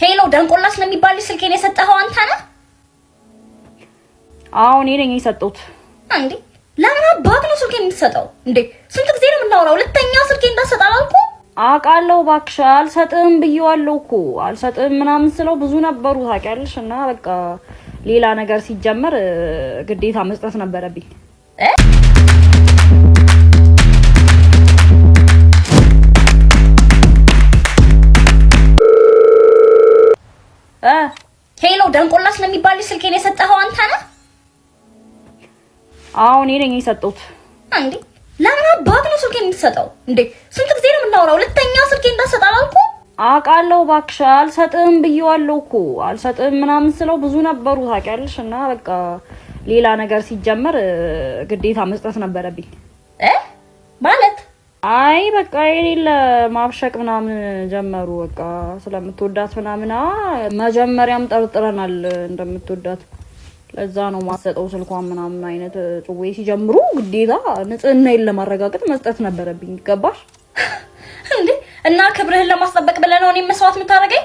ሄሎ ደንቆላ ስለሚባል ስልኬን የሰጠኸው አንተ ነህ? አዎ እኔ ነኝ የሰጠሁት። እንዴ ለምን አባት ነው ስልኬን የምትሰጠው? እንዴ ስንት ጊዜ ነው የምናወራው? ሁለተኛ ስልኬ እንዳትሰጥ አላልኩህ? አውቃለሁ እባክሽ፣ አልሰጥም ብዬዋለሁ እኮ አልሰጥም ምናምን ስለው ብዙ ነበሩ ታውቂያለሽ። እና በቃ ሌላ ነገር ሲጀመር ግዴታ መስጠት ነበረብኝ። ሄሎ ደንቆላ ስለሚባል ስልኬን የሰጠኸው አንተ ነህ? አዎ እኔ ነኝ የሰጠሁት። እንዴ ለምን አባት ነው ስልኬን የምትሰጠው? እንዴ ስንት ጊዜ ነው የምናወራው? ሁለተኛ ስልኬን እንዳትሰጥ አላልኩህ? አውቃለሁ እባክሽ አልሰጥም ብዬዋለሁ እኮ አልሰጥም ምናምን ስለው ብዙ ነበሩ ታውቂያለሽ። እና በቃ ሌላ ነገር ሲጀመር ግዴታ መስጠት ነበረብኝ። አይ በቃ የሌለ ማብሸቅ ምናምን ጀመሩ። በቃ ስለምትወዳት ምናምን መጀመሪያም ጠርጥረናል እንደምትወዳት ለዛ ነው ማሰጠው ስልኳን ምናምን አይነት ጽዌ ሲጀምሩ ግዴታ ንጽህናዬን ለማረጋገጥ መስጠት ነበረብኝ። ይገባሽ እንዴ? እና ክብርህን ለማስጠበቅ ብለህ ነው እኔ መስዋዕት የምታደርገኝ?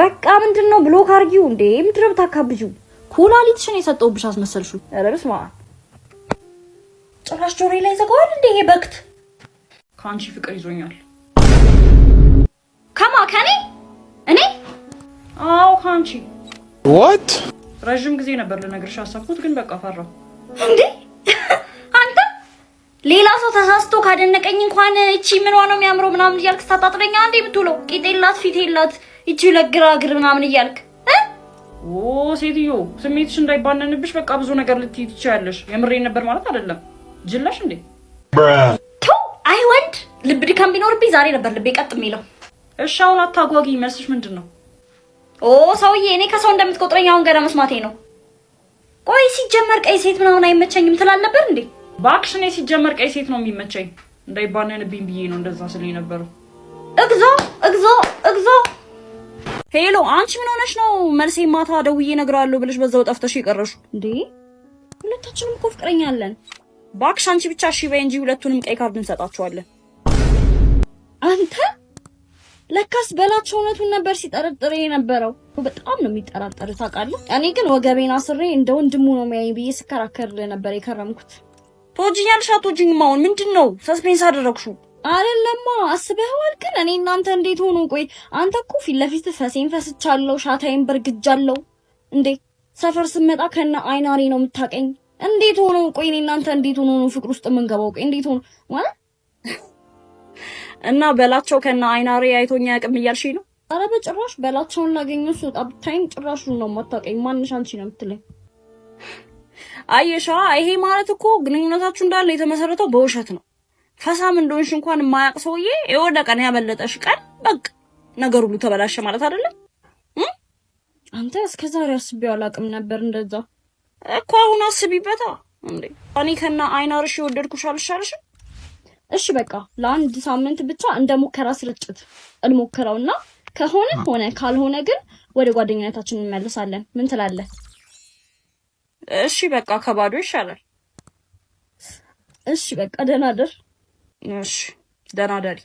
በቃ ምንድን ነው ብሎክ አርጊው እንዴ! ምድረ ብታካብጂው ኩላሊትሽን የሰጠውብሽ አስመሰልሹ። ኧረ በስመ አብ! ጭራሽ ጆሮዬ ላይ ዘጋዋል እንዴ ይሄ በክት ከአንቺ ፍቅር ይዞኛል። ከማ ከኔ እኔ? አዎ ከአንቺ። ዋት ረዥም ጊዜ ነበር ልነግርሽ አሰብኩት፣ ግን በቃ ፈራሁ። እንዴ አንተ ሌላ ሰው ተሳስቶ ካደነቀኝ እንኳን እቺ ምን ነው የሚያምረው ምናምን እያልክ ስታጣጥለኛ አንዴ የምትውለው ቂጥ የላት ፊት የላት እቺ ለግራግር ምናምን እያልክ ኦ ሴትዮ ስሜትሽ እንዳይባነንብሽ በቃ ብዙ ነገር ልትይ ትችያለሽ። የምሬን ነበር ማለት አይደለም። ጅላሽ እንዴ ድካም ቢኖርብኝ ዛሬ ነበር ልቤ ቀጥ የሚለው። እሺ አሁን አታጓጊ። መልስሽ ምንድን ነው? ኦ ሰውዬ፣ እኔ ከሰው እንደምትቆጥረኝ አሁን ገና መስማቴ ነው። ቆይ ሲጀመር ቀይ ሴት ምናምን አይመቸኝም ትላል ነበር እንዴ? እባክሽ፣ እኔ ሲጀመር ቀይ ሴት ነው የሚመቸኝ። እንዳይባነንብኝ ብዬ ነው እንደዛ ስል የነበረው። እግዞ እግዞ እግዞ ሄሎ፣ አንቺ ምን ሆነሽ ነው? መልሴ ማታ ደውዬ እነግርሃለሁ ብለሽ በዛው ጠፍተሽ የቀረሹ እንዴ? ሁለታችንም እኮ ፍቅረኛ አለን። እባክሽ አንቺ ብቻ እሺ በይ እንጂ ሁለቱንም ቀይ ካርድ እንሰጣቸዋለን። አንተ ለካስ በላቸው እውነቱን ነበር ሲጠረጥር የነበረው። በጣም ነው የሚጠራጠር ታውቃለህ። እኔ ግን ወገቤና ስሬ እንደ ወንድሙ ነው የሚያይ ብዬ ስከራከር ነበር የከረምኩት። ተወጅኛለሽ አትወጂኝም? አሁን ምንድን ነው ሰስፔንስ አደረግሽው? አይደለማ አስበኸዋል። ግን እኔ እናንተ እንዴት ሆኖ? ቆይ አንተ እኮ ፊት ለፊት ፈሴን ፈስቻለሁ፣ ሻታይን በርግጃለሁ። እንዴ ሰፈር ስመጣ ከነ አይናሬ ነው የምታቀኝ። እንዴት ሆኖ? ቆይ እኔ እናንተ እንዴት ሆኖ ነው ፍቅር ውስጥ የምንገባው? ቆይ እንዴት ሆኖ ማለት እና በላቸው ከና አይናሬ አይቶኛ ያቅም እያልሽ ነው? አረ በጭራሽ በላቸውን ላገኘው ስወጣ ብታይም ጭራሹን ነው የማታውቀኝ። ማንሽ አንቺ ነው የምትለኝ። አየሻ፣ ይሄ ማለት እኮ ግንኙነታችሁ እንዳለ የተመሰረተው በውሸት ነው። ፈሳም እንደሆንሽ እንኳን የማያውቅ ሰውዬ የወደ ቀን ያመለጠሽ ቀን በቃ ነገር ሁሉ ተበላሸ ማለት አይደለም። አንተ እስከ ዛሬ አስቤው አላውቅም ነበር እንደዛ እኮ። አሁን አስቢበታ እንዴ! እኔ ከና አይናርሽ የወደድኩሽ አልሻልሽም እሺ በቃ ለአንድ ሳምንት ብቻ እንደ ሙከራ ስርጭት እንሞክረውና ከሆነ ሆነ ካልሆነ ግን ወደ ጓደኝነታችን እንመልሳለን። ምን ትላለህ? እሺ በቃ ከባዶ ይሻላል። እሺ በቃ ደህና ደር። እሺ ደህና ደሪ።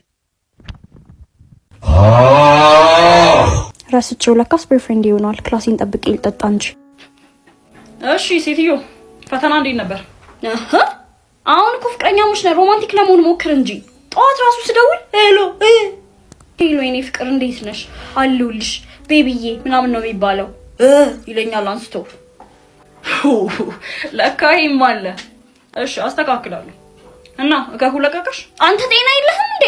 ረስቼው ለካስ ቦይፍሬንድ ይሆናል። ክላሴን ጠብቄ ልጠጣ እንጂ። እሺ ሴትዮ ፈተና እንዴት ነበር? አሁን እኮ ፍቅረኛሞች ነን። ሮማንቲክ ለመሆን ሞክር እንጂ ጠዋት ራሱ ስደውል ሄሎ ሄሎ፣ የኔ ፍቅር እንዴት ነሽ? አለሁልሽ ቤቢዬ ምናምን ነው የሚባለው ይለኛል አንስቶ። ለካ ይሄም አለ። እሺ አስተካክላለሁ። እና እከኩ ለቀቀሽ። አንተ ጤና የለህም እንዴ?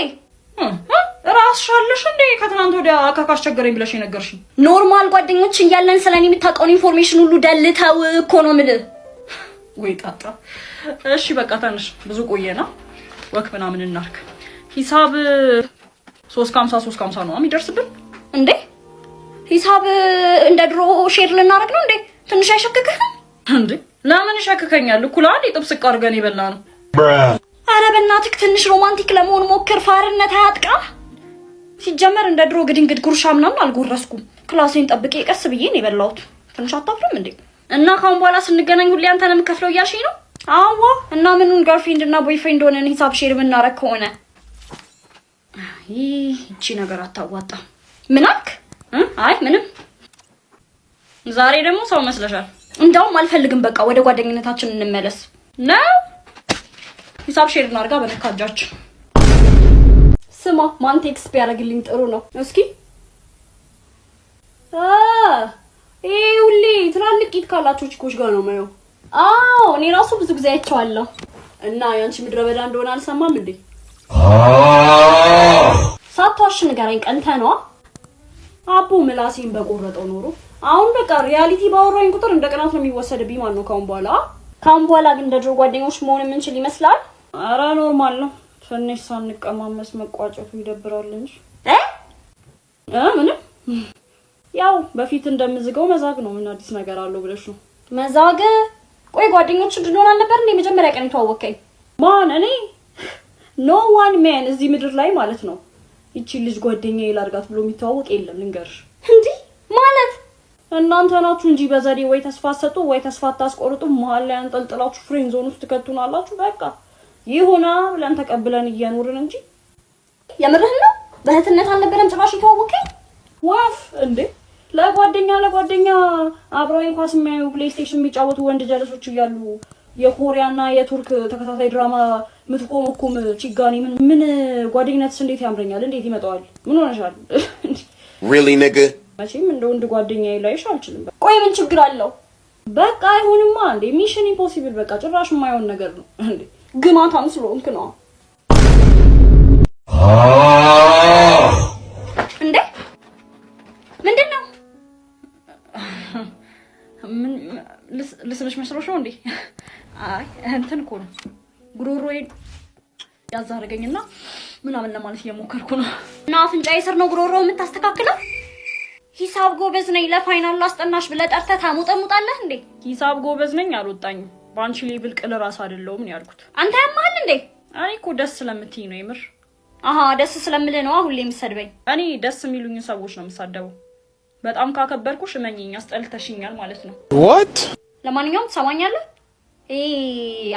ራስሽ አለሽ እንዴ? ከትናንት ወዲያ እከክ አስቸገረኝ ብለሽ የነገርሽኝ። ኖርማል ጓደኞች እያለን ስለኔ የምታውቀውን ኢንፎርሜሽን ሁሉ ደልተው እኮ ነው የምልህ ወይ ጣጣ። እሺ በቃ ተንሽ ብዙ ወክ ምናምን እናርክ። ሂሳብ ሶስት ከሀምሳ ነው የሚደርስብን እንዴ? ሂሳብ እንደ ድሮ ሼር ልናደርግ ነው እንዴ? ትንሽ አይሸክክህም እንዴ? ለምን ይሸክከኛል? እኩል አንድ የጥብስ አድርገን የበላ ነው። አረ በእናትህ ትንሽ ሮማንቲክ ለመሆን ሞክር። ፋርነት አያጥቃ። ሲጀመር እንደ ድሮ ግድንግድ ጉርሻ ምናምን አልጎረስኩም። ክላሴን ጠብቄ ቀስ ብዬ ነው የበላሁት። ትንሽ አታፍርም እንዴ? እና ካሁን በኋላ ስንገናኝ ሁሌ አንተ ነው የምከፍለው እያልሽኝ ነው? አዎ። እና ምኑን ገርልፍሬንድ እና ቦይፍሬንድ ሆነን ሂሳብ ሼር የምናረግ ከሆነ ይህ እቺ ነገር አታዋጣም። ምን አልክ? አይ ምንም። ዛሬ ደግሞ ሰው መስለሻል። እንዳውም አልፈልግም። በቃ ወደ ጓደኝነታችን እንመለስ ነው። ሂሳብ ሼር እናርጋ በነካጃች። ስማ ማን ቴክስት ቢያደርግልኝ ጥሩ ነው እስኪ ይሄ ሁሌ ትላልቅ ቂጥ ካላቸው ቺኮች ጋር ነው የማየው። አዎ እኔ ራሱ ብዙ ጊዜ አይቼዋለሁ። እና ያንቺ ምድረ በዳ እንደሆነ አልሰማም እንዴ? ሳታሽ ንገረኝ፣ ቀንተህ ነዋ። አቦ ምላሴን በቆረጠው ኖሮ አሁን በቃ ሪያሊቲ ባወራኝ ቁጥር እንደ ቅናት ነው የሚወሰድብኝ። ማን ነው ካሁን በኋላ ካሁን በኋላ ግን እንደ ድሮ ጓደኞች መሆን የምንችል ይመስላል? አረ ኖርማል ነው። ትንሽ ሳንቀማመስ መቋጨቱ ይደብራል እንጂ እ ምንም ያው በፊት እንደምዝገው መዛግ ነው። ምን አዲስ ነገር አለው ብለሽ ነው መዛግ? ቆይ ጓደኞች እንድንሆን አልነበር እንዴ መጀመሪያ ቀን የተዋወቀኝ? ማን እኔ? ኖ ዋን ሜን እዚህ ምድር ላይ ማለት ነው ይቺ ልጅ ጓደኛ ይላርጋት ብሎ የሚተዋወቅ የለም። ልንገርሽ እንዴ ማለት እናንተ ናችሁ እንጂ በዘዴ ወይ ተስፋ ሰጡ ወይ ተስፋ አታስቆርጡ፣ መሀል ላይ አንጠልጥላችሁ ፍሬን ዞን ውስጥ ትከቱናላችሁ። በቃ ይሁና ብለን ተቀብለን እየኖርን እንጂ የምርህን ነው። በእህትነት አልነበረም ጭራሽ የተዋወቀኝ ዋፍ እንዴ ለጓደኛ ለጓደኛ አብረው ኳስ የሚያዩ ፕሌይስቴሽን የሚጫወቱ ወንድ ጀለሶች እያሉ የኮሪያና የቱርክ ተከታታይ ድራማ የምትቆመኩም ችጋኔ ምን ምን ጓደኝነትስ እንዴት ያምረኛል? እንዴት ይመጣዋል? ምን ሆነሻል? ሪሊ ነገ መቼም እንደ ወንድ ጓደኛ ላይሽ አልችልም። ቆይ ምን ችግር አለው? በቃ አይሆንማ እንዴ! ሚሽን ኢምፖሲብል በቃ ጭራሽ የማይሆን ነገር ነው እንዴ! ግማታም ስለሆንክ ነው። ah! ልስምሽ መስሎሽ ነው እንዴ? አይ እንትን እኮ ነው ጉሮሮዬን ያዛረገኝና ምናምን ለማለት እየሞከርኩ ነው። እና አፍንጫዬ ስር ነው ጉሮሮ የምታስተካክለው። ሂሳብ ጎበዝ ነኝ ለፋይናሉ አስጠናሽ ብለህ ጠርተህ ታሙጠሙጣለህ እንዴ? ሂሳብ ጎበዝ ነኝ አልወጣኝም። በአንቺ ላይ ብልቅ ለራስ አይደለሁም ያልኩት። አንተ ያማሃል እንዴ? እኔ እኮ ደስ ስለምትይ ነው የምር። አሀ ደስ ስለምልህ ነው ሁሌ የምሰድበኝ። እኔ ደስ የሚሉኝ ሰዎች ነው የምሳደበው። በጣም ካከበርኩሽ እመኚኝ፣ አስጠልተሽኛል ማለት ነው። ዋት ለማንኛውም ትሰማኛለህ? ይሄ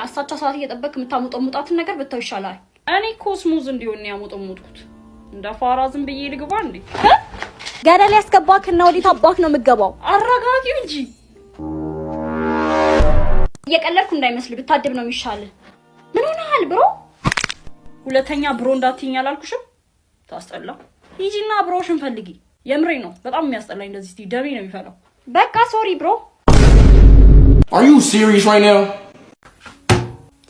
አሳቻ ሰዓት እየጠበቅ የምታሙጠሙጣትን ነገር ብታው ይሻላል። እኔ ኮስሞዝ እንዲሆን ያሙጠሙጥኩት እንደ ፋራ ዝም ብዬ ልግባ እንዴ? ገደል ያስገባክ እና ወዴት አባክ ነው የምገባው? አረጋጊው እንጂ እየቀለድኩ እንዳይመስል ብታድብ ነው የሚሻል። ምን ሆነሃል ብሮ? ሁለተኛ ብሮ እንዳትይኝ አላልኩሽም? ታስጠላ። ሂጂና ብሮሽን ፈልጊ። የምሬ ነው፣ በጣም የሚያስጠላኝ እንደዚህ። ደሜ ነው የሚፈላው። በቃ ሶሪ ብሮ Are you serious right now?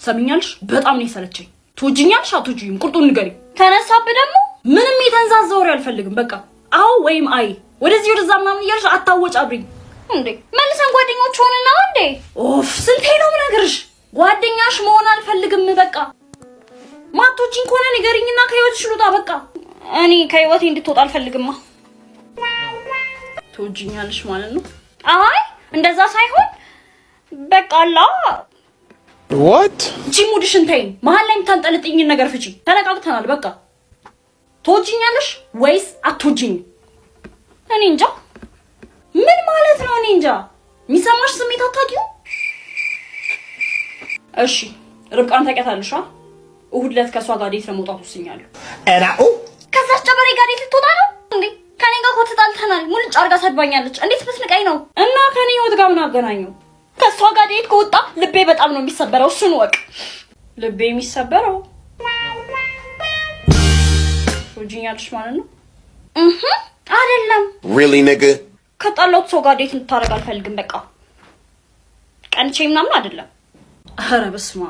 ሰሚኛልሽ? በጣም ነው የሰለቸኝ። ትወጂኛልሽ አትወጂኝም? ቁርጡን ንገሪ። ተነሳብህ ደግሞ ምንም የተንዛዛ ወሬ አልፈልግም። በቃ አዎ ወይም አይ፣ ወደዚህ ወደዛ ምናምን እያልሽ አታወጭ አብሪኝ እንዴ። መልሰን ጓደኞች ሆንና እንዴ። ኦፍ ስንቴ ነው የምነግርሽ? ጓደኛሽ መሆን አልፈልግም። በቃ ማቶችን ከሆነ ንገሪኝና ከህይወትሽ ልውጣ። በቃ እኔ ከህይወቴ እንድትወጣ አልፈልግማ። ትወጂኛለሽ ማለት ነው? አይ እንደዛ ሳይሆን በቃ አላ ወት እቺ ሙድሽን ተይ። መሀል ላይ የምታንጠልጥኝን ነገር ፍቺ ተነቃቅተናል። በቃ ትወጂኛለሽ ወይስ አትወጂኝ? እኔ እንጃ። ምን ማለት ነው? እኔ እንጃ። የሚሰማሽ ስሜት አታውቂውም። እሺ ርብቃን ታውቂያታለሽ? እሑድ ዕለት ከእሷ ጋር ዴት ለመውጣት ወስኛለሁ። ራኡ oh! ከዛች ጨበሬ ጋር ዴት ልትወጣ ነው እንዴ? ከኔ ጋር እኮ ተጣልተናል። ሙልጭ አድርጋ ሰድባኛለች። እንዴት ብትንቀኝ ነው? እና ከኔ ህይወት ጋር ምን አገናኘው? ከእሷ ጋር ዴት ከወጣ ልቤ በጣም ነው የሚሰበረው። እሱን ወቅ ልቤ የሚሰበረው ወጂኛልሽ ማለት ነው አይደለም? ሪሊ ነገ ከጣላት ሰው ጋር ዴት እንድታደርግ አልፈልግም። በቃ ቀንቼ ምናምን አይደለም። አረ በስማ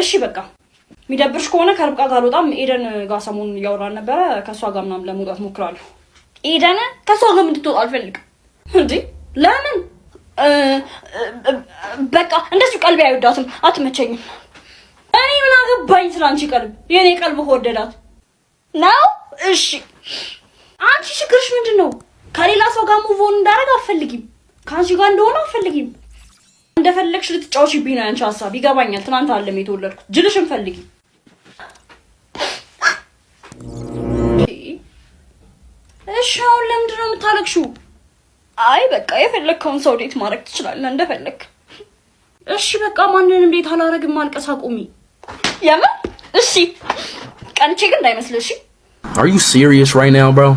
እሺ በቃ የሚደብርሽ ከሆነ ከርብቃ ጋር አልወጣም። ኤደን ጋር ሰሞኑን እያወራን ነበረ። ከእሷ ጋር ምናምን ለመውጣት ሞክራለሁ። ኤደን ከእሷ ጋር እንድትወጣ አልፈልግም። እንዲህ ለምን? በቃ እንደሱ ቀልብ አይወዳትም፣ አትመቸኝም። እኔ ምን አገባኝ ስላንቺ ቀልብ። የእኔ ቀልብ ከወደዳት ነው። እሺ አንቺ ችግርሽ ምንድን ነው? ከሌላ ሰው ጋር ሙቮን እንዳደረግ አትፈልጊም። ከአንቺ ጋር እንደሆነ አትፈልጊም። እንደፈለግሽ ልትጫወችብኝ ነው ያንቺ ሀሳብ። ይገባኛል። ትናንት አለም የተወለድኩት ጅልሽን ፈልጊ። እሺ አሁን ለምንድን ነው የምታለቅሽው? አይ በቃ የፈለግከውን ሰው ዴት ማድረግ ትችላለህ እንደፈለግ። እሺ በቃ ማንንም ዴት አላረግም። ማልቀስ አቁሚ። የምን እሺ፣ ቀንቼ ግን እንዳይመስልሽ። Are you serious right now, bro?